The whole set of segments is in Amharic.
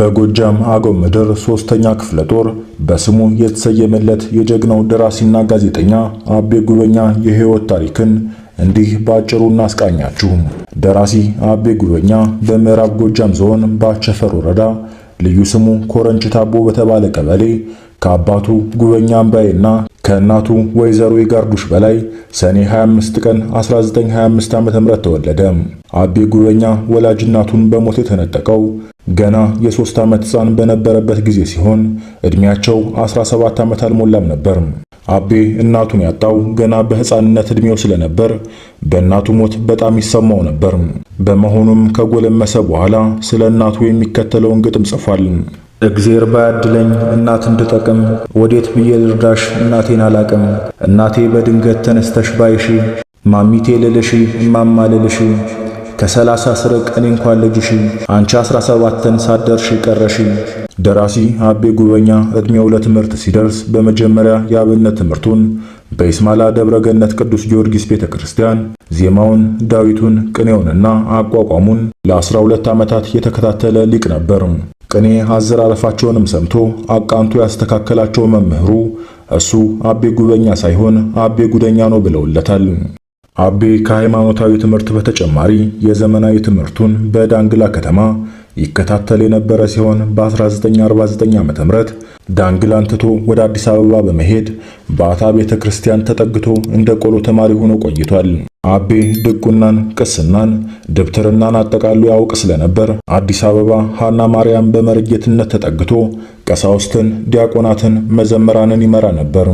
በጎጃም አገው ምድር ሶስተኛ ክፍለ ጦር በስሙ የተሰየመለት የጀግናው ደራሲና ጋዜጠኛ አቤ ጉበኛ የህይወት ታሪክን እንዲህ ባጭሩ እናስቃኛችሁ። ደራሲ አቤ ጉበኛ በምዕራብ ጎጃም ዞን ባቸፈር ወረዳ ልዩ ስሙ ኮረንች ታቦ በተባለ ቀበሌ ከአባቱ ጉበኛ አምባዬና ከእናቱ ወይዘሮ ይጋርዱሽ በላይ ሰኔ 25 ቀን 1925 ዓ.ም ተወለደ። አቤ ጉበኛ ወላጅ እናቱን በሞት የተነጠቀው ገና የሶስት ዓመት ሕፃን በነበረበት ጊዜ ሲሆን ዕድሜያቸው 17 ዓመት አልሞላም ነበር። አቤ እናቱን ያጣው ገና በሕፃንነት ዕድሜው ስለነበር በእናቱ ሞት በጣም ይሰማው ነበር። በመሆኑም ከጎለመሰ በኋላ ስለ እናቱ የሚከተለውን ግጥም ጽፏል። እግዜር ባያድለኝ እናት እንድጠቅም ወዴት ብዬ ልርዳሽ እናቴን አላቅም። እናቴ በድንገት ተነስተሽ ባይሺ ማሚቴ ልልሺ እማማ ልልሺ ከሰላሳ ስርቅ እኔ እንኳን ልጅሺ አንቺ አስራ ሰባትን ሳደርሺ ቀረሽ። ደራሲ አቤ ጉበኛ ዕድሜው ለትምህርት ሲደርስ በመጀመሪያ የአብነት ትምህርቱን በይስማላ ደብረ ገነት ቅዱስ ጊዮርጊስ ቤተ ክርስቲያን ዜማውን፣ ዳዊቱን፣ ቅኔውንና አቋቋሙን ለ12 ዓመታት የተከታተለ ሊቅ ነበር። ቅኔ አዘላለፋቸውንም ሰምቶ አቃንቶ ያስተካከላቸው መምህሩ እሱ አቤ ጉበኛ ሳይሆን አቤ ጉደኛ ነው ብለውለታል። አቤ ከሃይማኖታዊ ትምህርት በተጨማሪ የዘመናዊ ትምህርቱን በዳንግላ ከተማ ይከታተል የነበረ ሲሆን በ1949 ዓ.ም ዳንግላን ትቶ ወደ አዲስ አበባ በመሄድ በአታ ቤተ ክርስቲያን ተጠግቶ እንደ ቆሎ ተማሪ ሆኖ ቆይቷል። አቤ ድቁናን፣ ቅስናን፣ ደብተርናን አጠቃሉ ያውቅ ስለነበር አዲስ አበባ ሐና ማርያም በመርጌትነት ተጠግቶ ቀሳውስትን፣ ዲያቆናትን፣ መዘምራንን ይመራ ነበር።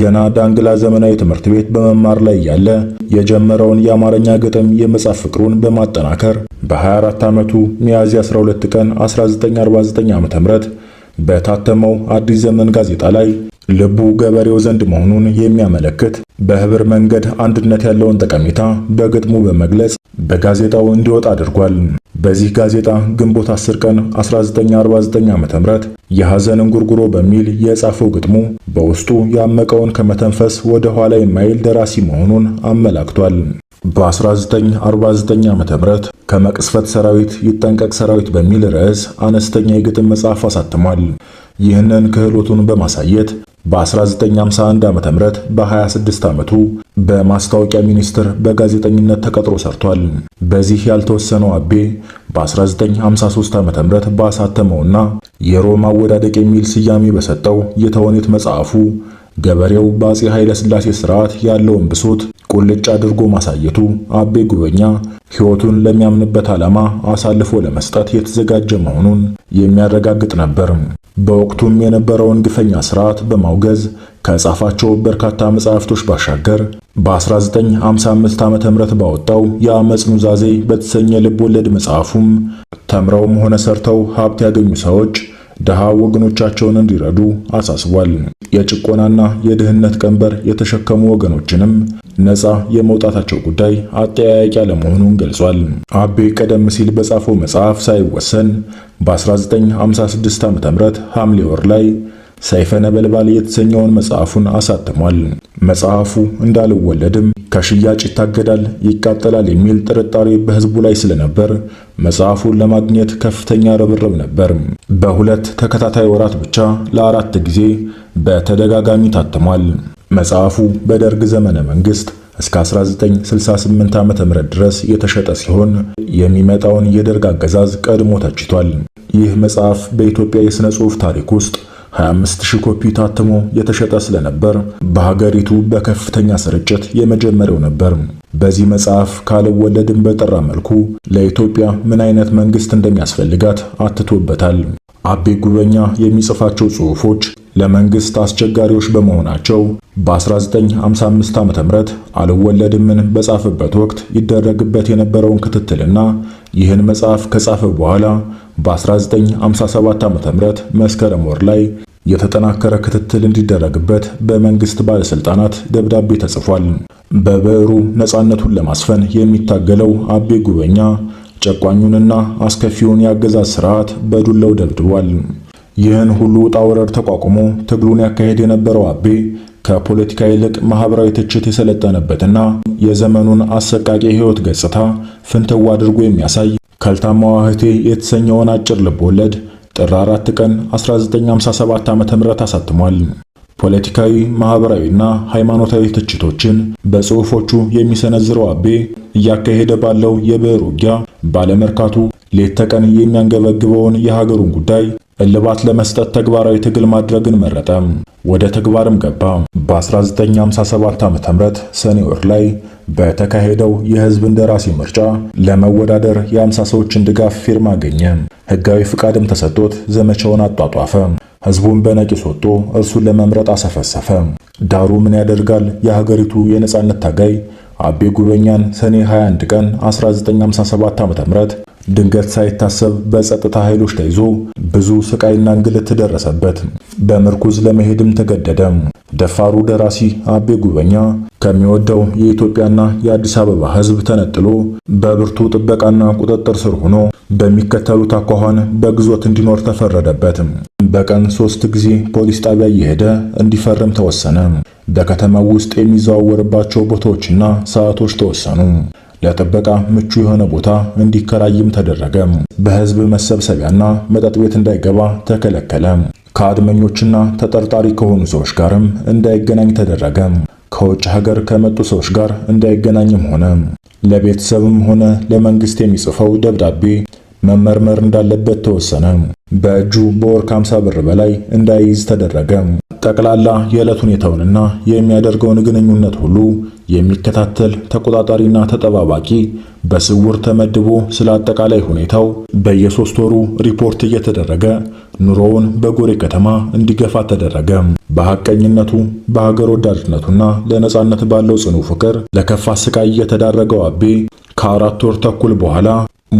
ገና ዳንግላ ዘመናዊ ትምህርት ቤት በመማር ላይ ያለ የጀመረውን የአማርኛ ግጥም የመጻፍ ፍቅሩን በማጠናከር በ24 ዓመቱ ሚያዝያ 12 ቀን 1949 ዓ.ም በታተመው አዲስ ዘመን ጋዜጣ ላይ ልቡ ገበሬው ዘንድ መሆኑን የሚያመለክት በህብር መንገድ አንድነት ያለውን ጠቀሜታ በግጥሙ በመግለጽ በጋዜጣው እንዲወጣ አድርጓል። በዚህ ጋዜጣ ግንቦት 10 ቀን 1949 ዓ.ም የሐዘን እንጉርጉሮ በሚል የጻፈው ግጥሙ በውስጡ ያመቀውን ከመተንፈስ ወደ ኋላ የማይል ደራሲ መሆኑን አመላክቷል። በ1949 ዓ.ም ከመቅስፈት ሰራዊት ይጠንቀቅ ሰራዊት በሚል ርዕስ አነስተኛ የግጥም መጽሐፍ አሳትሟል። ይህንን ክህሎቱን በማሳየት በ1951 ዓ.ም በ26 ዓመቱ በማስታወቂያ ሚኒስቴር በጋዜጠኝነት ተቀጥሮ ሰርቷል። በዚህ ያልተወሰነው አቤ በ1953 ዓ.ም ባሳተመውና የሮም አወዳደቅ የሚል ስያሜ በሰጠው የተወኔት መጽሐፉ ገበሬው በአፄ ኃይለ ሥላሴ ሥርዓት ያለውን ብሶት ቁልጭ አድርጎ ማሳየቱ አቤ ጉበኛ ሕይወቱን ለሚያምንበት ዓላማ አሳልፎ ለመስጠት የተዘጋጀ መሆኑን የሚያረጋግጥ ነበር። በወቅቱም የነበረውን ግፈኛ ስርዓት በማውገዝ ከጻፋቸው በርካታ መጻሕፍቶች ባሻገር በ1955 ዓም ምህረት ባወጣው የአመፅ ኑዛዜ በተሰኘ ልብ ወለድ መጽሐፉም ተምረውም ሆነ ሰርተው ሀብት ያገኙ ሰዎች ድሃ ወገኖቻቸውን እንዲረዱ አሳስቧል። የጭቆናና የድህነት ቀንበር የተሸከሙ ወገኖችንም ነፃ የመውጣታቸው ጉዳይ አጠያያቂ አለመሆኑን ገልጿል። አቤ ቀደም ሲል በጻፈው መጽሐፍ ሳይወሰን በ1956 ዓ.ም ሐምሌ ወር ላይ ሰይፈ ነበልባል የተሰኘውን መጽሐፉን አሳትሟል። መጽሐፉ እንዳልወለድም ከሽያጭ ይታገዳል፣ ይቃጠላል የሚል ጥርጣሬ በህዝቡ ላይ ስለነበር መጽሐፉን ለማግኘት ከፍተኛ ርብርብ ነበር። በሁለት ተከታታይ ወራት ብቻ ለአራት ጊዜ በተደጋጋሚ ታትሟል። መጽሐፉ በደርግ ዘመነ መንግስት እስከ 1968 ዓ.ም ድረስ የተሸጠ ሲሆን የሚመጣውን የደርግ አገዛዝ ቀድሞ ተችቷል። ይህ መጽሐፍ በኢትዮጵያ የሥነ ጽሑፍ ታሪክ ውስጥ 25000 ኮፒ ታትሞ የተሸጠ ስለነበር በሀገሪቱ በከፍተኛ ስርጭት የመጀመሪያው ነበር። በዚህ መጽሐፍ ካልወለድን በጠራ መልኩ ለኢትዮጵያ ምን አይነት መንግስት እንደሚያስፈልጋት አትቶበታል። አቤ ጉበኛ የሚጽፋቸው ጽሑፎች ለመንግስት አስቸጋሪዎች በመሆናቸው በ1955 ዓ.ም አልወለድምን በጻፈበት ወቅት ይደረግበት የነበረውን ክትትልና ይህን መጽሐፍ ከጻፈ በኋላ በ1957 ዓ.ም መስከረም ወር ላይ የተጠናከረ ክትትል እንዲደረግበት በመንግስት ባለስልጣናት ደብዳቤ ተጽፏል። በብዕሩ ነፃነቱን ለማስፈን የሚታገለው አቤ ጉበኛ ጨቋኙንና አስከፊውን የአገዛዝ ስርዓት በዱላው ደብድቧል። ይህን ሁሉ ውጣ ተቋቁሞ ትግሉን ያካሄድ የነበረው አቤ ከፖለቲካ ይልቅ ማህበራዊ ትችት የሰለጠነበትና የዘመኑን አሰቃቂ ህይወት ገጽታ ፍንትው አድርጎ የሚያሳይ ከልታማዋ እህቴ የተሰኘውን አጭር ልብ ወለድ ጥር 4 ቀን 1957 ዓ.ም አሳትሟል። ፖለቲካዊ፣ ማህበራዊና ሃይማኖታዊ ትችቶችን በጽሑፎቹ የሚሰነዝረው አቤ እያካሄደ ባለው የብዕር ውጊያ ባለመርካቱ ሌት ተቀን የሚያንገበግበውን የሀገሩን ጉዳይ እልባት ለመስጠት ተግባራዊ ትግል ማድረግን መረጠ። ወደ ተግባርም ገባ። በ1957 ዓ.ም ሰኔ ወር ላይ በተካሄደው የህዝብ እንደራሴ ምርጫ ለመወዳደር የ50 ሰዎችን ድጋፍ ፊርማ አገኘ። ህጋዊ ፍቃድም ተሰጥቶት ዘመቻውን አጧጧፈ። ህዝቡን በነቂስ ወጥቶ እርሱን ለመምረጥ አሰፈሰፈ። ዳሩ ምን ያደርጋል የሀገሪቱ የነጻነት ታጋይ አቤ ጉበኛን ሰኔ 21 ቀን 1957 ዓ.ም ድንገት ሳይታሰብ በጸጥታ ኃይሎች ተይዞ ብዙ ስቃይና እንግልት ደረሰበት። በምርኩዝ ለመሄድም ተገደደ። ደፋሩ ደራሲ አቤ ጉበኛ ከሚወደው የኢትዮጵያና የአዲስ አበባ ሕዝብ ተነጥሎ በብርቱ ጥበቃና ቁጥጥር ስር ሆኖ በሚከተሉት አኳኋን በግዞት እንዲኖር ተፈረደበት። በቀን ሶስት ጊዜ ፖሊስ ጣቢያ እየሄደ እንዲፈርም ተወሰነ። በከተማው ውስጥ የሚዘዋወርባቸው ቦታዎችና ሰዓቶች ተወሰኑ። ለጥበቃ ምቹ የሆነ ቦታ እንዲከራይም ተደረገ። በህዝብ መሰብሰቢያና መጠጥ ቤት እንዳይገባ ተከለከለ። ከአድመኞችና ተጠርጣሪ ከሆኑ ሰዎች ጋርም እንዳይገናኝ ተደረገ። ከውጭ ሀገር ከመጡ ሰዎች ጋር እንዳይገናኝም ሆነ። ለቤተሰብም ሆነ ለመንግስት የሚጽፈው ደብዳቤ መመርመር እንዳለበት ተወሰነ። በእጁ በወር ከሃምሳ ብር በላይ እንዳይይዝ ተደረገ። ጠቅላላ የዕለት ሁኔታውንና የሚያደርገውን ግንኙነት ሁሉ የሚከታተል ተቆጣጣሪና ተጠባባቂ በስውር ተመድቦ ስለ አጠቃላይ ሁኔታው በየሶስት ወሩ ሪፖርት እየተደረገ ኑሮውን በጎሬ ከተማ እንዲገፋ ተደረገ። በሐቀኝነቱ በሀገር ወዳድነቱና ለነጻነት ባለው ጽኑ ፍቅር ለከፋ ስቃይ የተዳረገው አቤ ከአራት ወር ተኩል በኋላ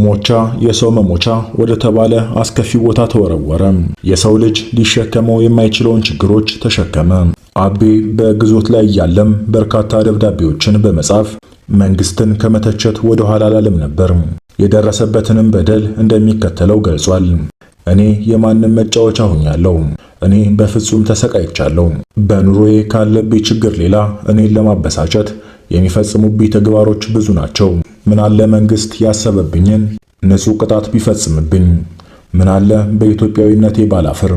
ሞቻ የሰው መሞቻ ወደ ተባለ አስከፊ ቦታ ተወረወረ። የሰው ልጅ ሊሸከመው የማይችለውን ችግሮች ተሸከመ። አቤ በግዞት ላይ እያለም በርካታ ደብዳቤዎችን በመጻፍ መንግስትን ከመተቸት ወደ ኋላ አላለም ነበር። የደረሰበትንም በደል እንደሚከተለው ገልጿል። እኔ የማንም መጫወቻ ሆኛለሁ። እኔ በፍጹም ተሰቃይቻለሁ። በኑሮዬ ካለብኝ ችግር ሌላ እኔን ለማበሳጨት የሚፈጽሙብኝ ተግባሮች ብዙ ናቸው። ምናለ መንግስት ያሰበብኝን ንጹህ ቅጣት ቢፈጽምብኝ፣ ምናለ በኢትዮጵያዊነቴ ባላፍር፣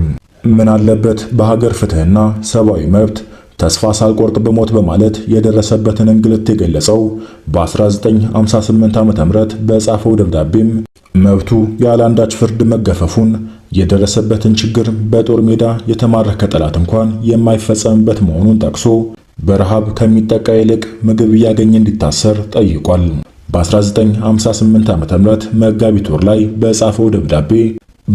ምናለበት በሀገር ፍትህና ሰብአዊ መብት ተስፋ ሳልቆርጥ በሞት በማለት የደረሰበትን እንግልት የገለጸው በ1958 ዓ.ም በጻፈው ደብዳቤም መብቱ ያለ አንዳች ፍርድ መገፈፉን የደረሰበትን ችግር በጦር ሜዳ የተማረከ ጠላት እንኳን የማይፈጸምበት መሆኑን ጠቅሶ በረሃብ ከሚጠቃ ይልቅ ምግብ እያገኘ እንዲታሰር ጠይቋል። በ1958 ዓ ም መጋቢት ወር ላይ በጻፈው ደብዳቤ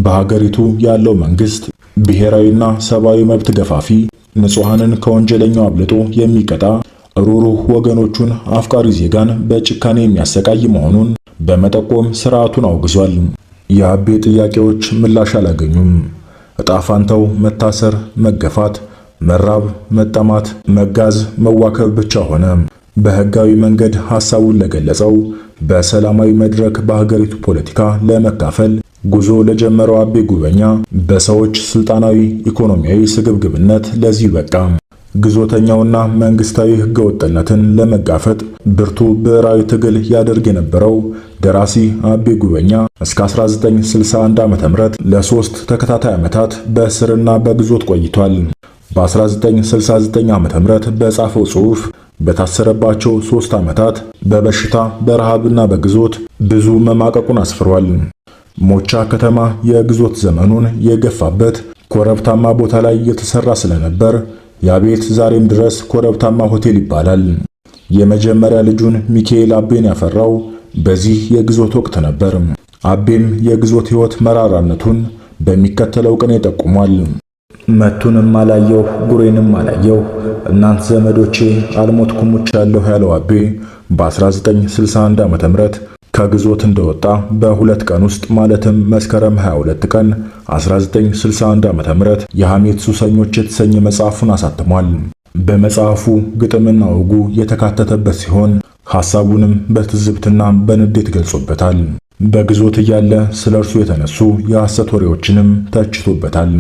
በሀገሪቱ ያለው መንግስት ብሔራዊና ሰብአዊ መብት ገፋፊ፣ ንጹሐንን ከወንጀለኛው አብልጦ የሚቀጣ ሩሩህ፣ ወገኖቹን አፍቃሪ ዜጋን በጭካኔ የሚያሰቃይ መሆኑን በመጠቆም ስርዓቱን አውግዟል። የአቤ ጥያቄዎች ምላሽ አላገኙም። እጣፋንተው መታሰር፣ መገፋት፣ መራብ፣ መጠማት፣ መጋዝ፣ መዋከብ ብቻ ሆነ። በህጋዊ መንገድ ሐሳቡን ለገለጸው በሰላማዊ መድረክ በሀገሪቱ ፖለቲካ ለመካፈል ጉዞ ለጀመረው አቤ ጉበኛ በሰዎች ስልጣናዊ፣ ኢኮኖሚያዊ ስግብግብነት ለዚህ በቃ። ግዞተኛውና መንግስታዊ ህገወጥነትን ለመጋፈጥ ብርቱ ብዕራዊ ትግል ያደርግ የነበረው ደራሲ አቤ ጉበኛ እስከ 1961 ዓ.ም ለሶስት ተከታታይ ዓመታት በእስርና በግዞት ቆይቷል። በ1969 ዓ.ም በጻፈው ጽሑፍ በታሰረባቸው ሶስት ዓመታት በበሽታ በረሃብና በግዞት ብዙ መማቀቁን አስፍሯል። ሞቻ ከተማ የግዞት ዘመኑን የገፋበት ኮረብታማ ቦታ ላይ የተሰራ ስለነበር ያ ቤት ዛሬም ድረስ ኮረብታማ ሆቴል ይባላል። የመጀመሪያ ልጁን ሚካኤል አቤን ያፈራው በዚህ የግዞት ወቅት ነበር። አቤም የግዞት ሕይወት መራራነቱን በሚከተለው ቅኔ ጠቁሟል። መቱንም አላየሁ ጉሬንም አላየሁ እናንተ ዘመዶቼ አልሞትኩም ሙቻለሁ ያለው አቤ በ1961 ዓ.ም ከግዞት እንደወጣ በሁለት ቀን ውስጥ ማለትም መስከረም 22 ቀን 1961 ዓ.ም የሐሜት ሱሰኞች የተሰኘ መጽሐፉን አሳትሟል። በመጽሐፉ ግጥምና ወጉ የተካተተበት ሲሆን ሐሳቡንም በትዝብትና በንዴት ገልጾበታል። በግዞት እያለ ስለ እርሱ የተነሱ የሐሰት ወሬዎችንም ተችቶበታል።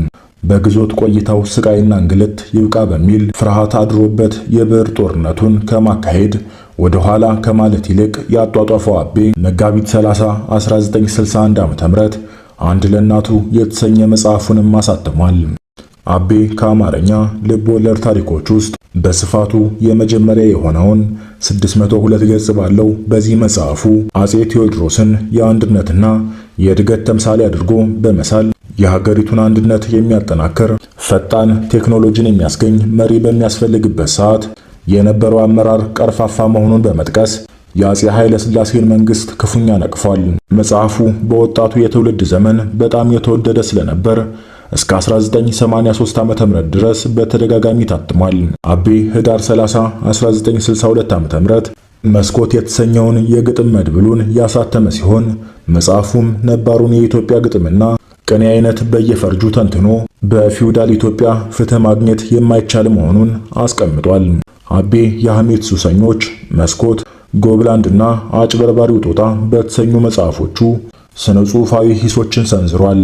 በግዞት ቆይታው ስቃይና እንግልት ይብቃ በሚል ፍርሃት አድሮበት የብዕር ጦርነቱን ከማካሄድ ወደ ኋላ ከማለት ይልቅ ያጧጧፈው አቤ መጋቢት 30 1961 ዓ.ም አንድ ለእናቱ የተሰኘ መጽሐፉንም አሳትሟል። አቤ ከአማርኛ ልብ ወለድ ታሪኮች ውስጥ በስፋቱ የመጀመሪያ የሆነውን 602 ገጽ ባለው በዚህ መጽሐፉ አጼ ቴዎድሮስን የአንድነትና የእድገት ተምሳሌ አድርጎ በመሳል የሀገሪቱን አንድነት የሚያጠናክር ፈጣን ቴክኖሎጂን የሚያስገኝ መሪ በሚያስፈልግበት ሰዓት የነበረው አመራር ቀርፋፋ መሆኑን በመጥቀስ የአጼ ኃይለ ሥላሴን መንግስት ክፉኛ ነቅፏል። መጽሐፉ በወጣቱ የትውልድ ዘመን በጣም የተወደደ ስለነበር እስከ 1983 ዓ.ም ድረስ በተደጋጋሚ ታትሟል። አቤ ህዳር 30 1962 ዓመተ መስኮት የተሰኘውን የግጥም መድብሉን ያሳተመ ሲሆን መጽሐፉም ነባሩን የኢትዮጵያ ግጥምና ቅኔ አይነት በየፈርጁ ተንትኖ በፊውዳል ኢትዮጵያ ፍትህ ማግኘት የማይቻል መሆኑን አስቀምጧል። አቤ የሐሜት ሱሰኞች፣ መስኮት፣ ጎብላንድና አጭበርባሪው ጦጣ በተሰኙ መጽሐፎቹ ስነ ጽሑፋዊ ሂሶችን ሰንዝሯል።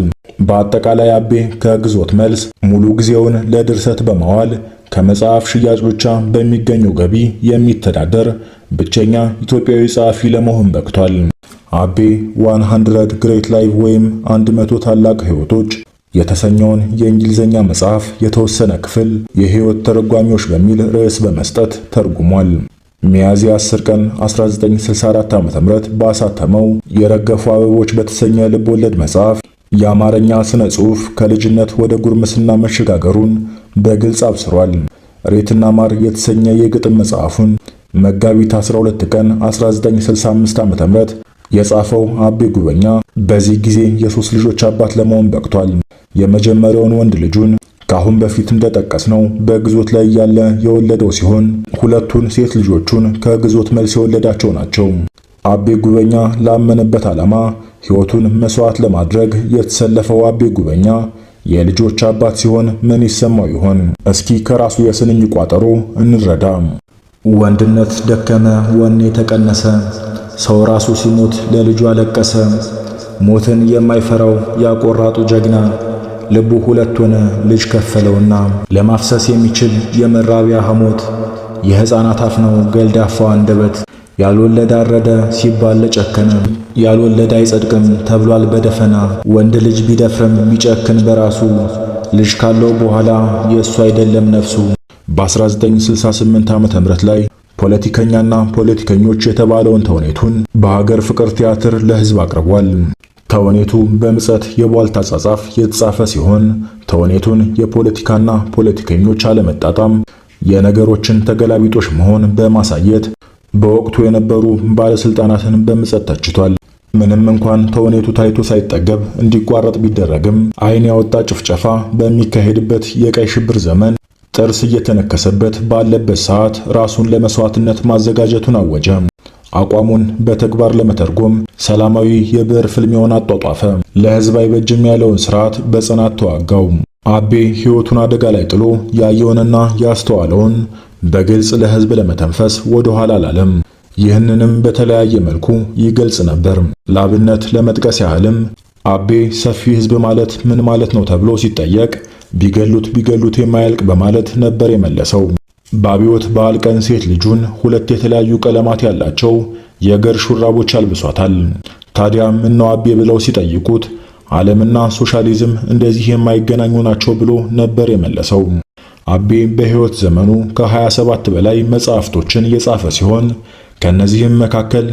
በአጠቃላይ አቤ ከግዞት መልስ ሙሉ ጊዜውን ለድርሰት በማዋል ከመጽሐፍ ሽያጭ ብቻ በሚገኘው ገቢ የሚተዳደር ብቸኛ ኢትዮጵያዊ ጸሐፊ ለመሆን በቅቷል። አቤ 100 ግሬት ላይቭ ወይም 100 ታላቅ ሕይወቶች የተሰኘውን የእንግሊዝኛ መጽሐፍ የተወሰነ ክፍል የሕይወት ተረጓሚዎች በሚል ርዕስ በመስጠት ተርጉሟል። ሚያዝያ 10 ቀን 1964 ዓ.ም ባሳተመው የረገፉ አበቦች በተሰኘ ልብ ወለድ መጽሐፍ የአማርኛ ስነ ጽሑፍ ከልጅነት ወደ ጉርምስና መሸጋገሩን በግልጽ አብስሯል። ሬትና ማር የተሰኘ የግጥም መጽሐፉን መጋቢት 12 ቀን 1965 ዓ.ም የጻፈው አቤ ጉበኛ በዚህ ጊዜ የሶስት ልጆች አባት ለመሆን በቅቷል። የመጀመሪያውን ወንድ ልጁን ከአሁን በፊት እንደጠቀስነው በግዞት ላይ ያለ የወለደው ሲሆን ሁለቱን ሴት ልጆቹን ከግዞት መልስ የወለዳቸው ናቸው። አቤ ጉበኛ ላመነበት ዓላማ ሕይወቱን መስዋዕት ለማድረግ የተሰለፈው አቤ ጉበኛ የልጆች አባት ሲሆን ምን ይሰማው ይሆን? እስኪ ከራሱ የስንኝ ቋጠሮ እንረዳ። ወንድነት ደከመ፣ ወኔ ተቀነሰ ሰው ራሱ ሲሞት ለልጁ አለቀሰ። ሞትን የማይፈራው ያቆራጡ ጀግና ልቡ ሁለት ሆነ ልጅ ከፈለውና ለማፍሰስ የሚችል የመራቢያ ሐሞት የሕፃናት አፍ ነው ገልዳፋው አንደበት። ያልወለደ አረደ ሲባል ለጨከነ ያልወለደ አይጸድቅም ተብሏል በደፈና ወንድ ልጅ ቢደፍርም ቢጨክን በራሱ ልጅ ካለው በኋላ የእሱ አይደለም ነፍሱ። በ1968 ዓ.ም ላይ ፖለቲከኛና ፖለቲከኞች የተባለውን ተውኔቱን በሀገር ፍቅር ቲያትር ለህዝብ አቅርቧል። ተውኔቱ በምጸት የቧልታ ጻጻፍ የተጻፈ ሲሆን ተውኔቱን የፖለቲካና ፖለቲከኞች አለመጣጣም፣ የነገሮችን ተገላቢጦሽ መሆን በማሳየት በወቅቱ የነበሩ ባለስልጣናትን በምጸት ተችቷል። ምንም እንኳን ተውኔቱ ታይቶ ሳይጠገብ እንዲቋረጥ ቢደረግም ዓይን ያወጣ ጭፍጨፋ በሚካሄድበት የቀይ ሽብር ዘመን ጥርስ እየተነከሰበት ባለበት ሰዓት ራሱን ለመስዋዕትነት ማዘጋጀቱን አወጀ። አቋሙን በተግባር ለመተርጎም ሰላማዊ የብዕር ፍልሚያውን አጧጧፈ። ለሕዝብ አይበጅም ያለውን ስርዓት በጽናት ተዋጋው። አቤ ሕይወቱን አደጋ ላይ ጥሎ ያየውንና ያስተዋለውን በግልጽ ለሕዝብ ለመተንፈስ ወደ ኋላ አላለም። ይህንንም በተለያየ መልኩ ይገልጽ ነበር። ለአብነት ለመጥቀስ ያህልም አቤ ሰፊ ሕዝብ ማለት ምን ማለት ነው ተብሎ ሲጠየቅ ቢገሉት ቢገሉት የማያልቅ በማለት ነበር የመለሰው። በአብዮት በዓል ቀን ሴት ልጁን ሁለት የተለያዩ ቀለማት ያላቸው የገር ሹራቦች አልብሷታል። ታዲያ ነው አቤ ብለው ሲጠይቁት ዓለምና ሶሻሊዝም እንደዚህ የማይገናኙ ናቸው ብሎ ነበር የመለሰው። አቤ በሕይወት ዘመኑ ከ27 በላይ መጽሐፍቶችን የጻፈ ሲሆን ከነዚህም መካከል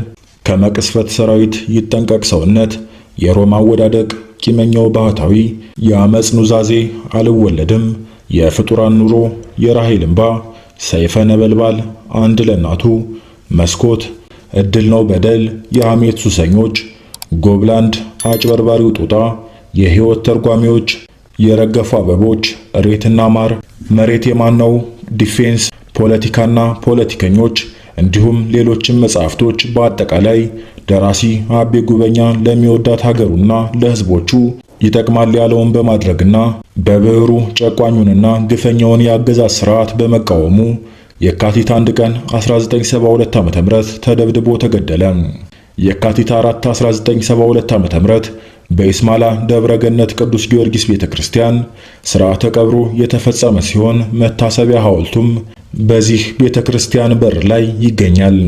ከመቅስፈት ሰራዊት ይጠንቀቅ ሰውነት የሮማ አወዳደቅ ቂመኛው ባህታዊ የአመፅ ኑዛዜ አልወለድም፣ የፍጡራን ኑሮ፣ የራሔል እንባ፣ ሰይፈ ነበልባል፣ አንድ ለእናቱ መስኮት፣ እድል ነው በደል፣ የሐሜት ሱሰኞች፣ ጎብላንድ፣ አጭበርባሪው ጦጣ፣ የህይወት ተርጓሚዎች፣ የረገፉ አበቦች፣ እሬትና ማር፣ መሬት ነው ዲፌንስ፣ ፖለቲካና ፖለቲከኞች እንዲሁም ሌሎችም መጽሐፍቶች በአጠቃላይ ደራሲ አቤ ጉበኛ ለሚወዳት ሀገሩና ለህዝቦቹ ይጠቅማል ያለውን በማድረግና በብዕሩ ጨቋኙንና ግፈኛውን የአገዛዝ ስርዓት በመቃወሙ የካቲት 1 ቀን 1972 ዓ.ም ተደብድቦ ተገደለ። የካቲት 4 1972 ዓ.ም በኢስማላ ደብረገነት ቅዱስ ጊዮርጊስ ቤተክርስቲያን ስርዓተ ቀብሩ የተፈጸመ ሲሆን መታሰቢያ ሐውልቱም በዚህ ቤተክርስቲያን በር ላይ ይገኛል።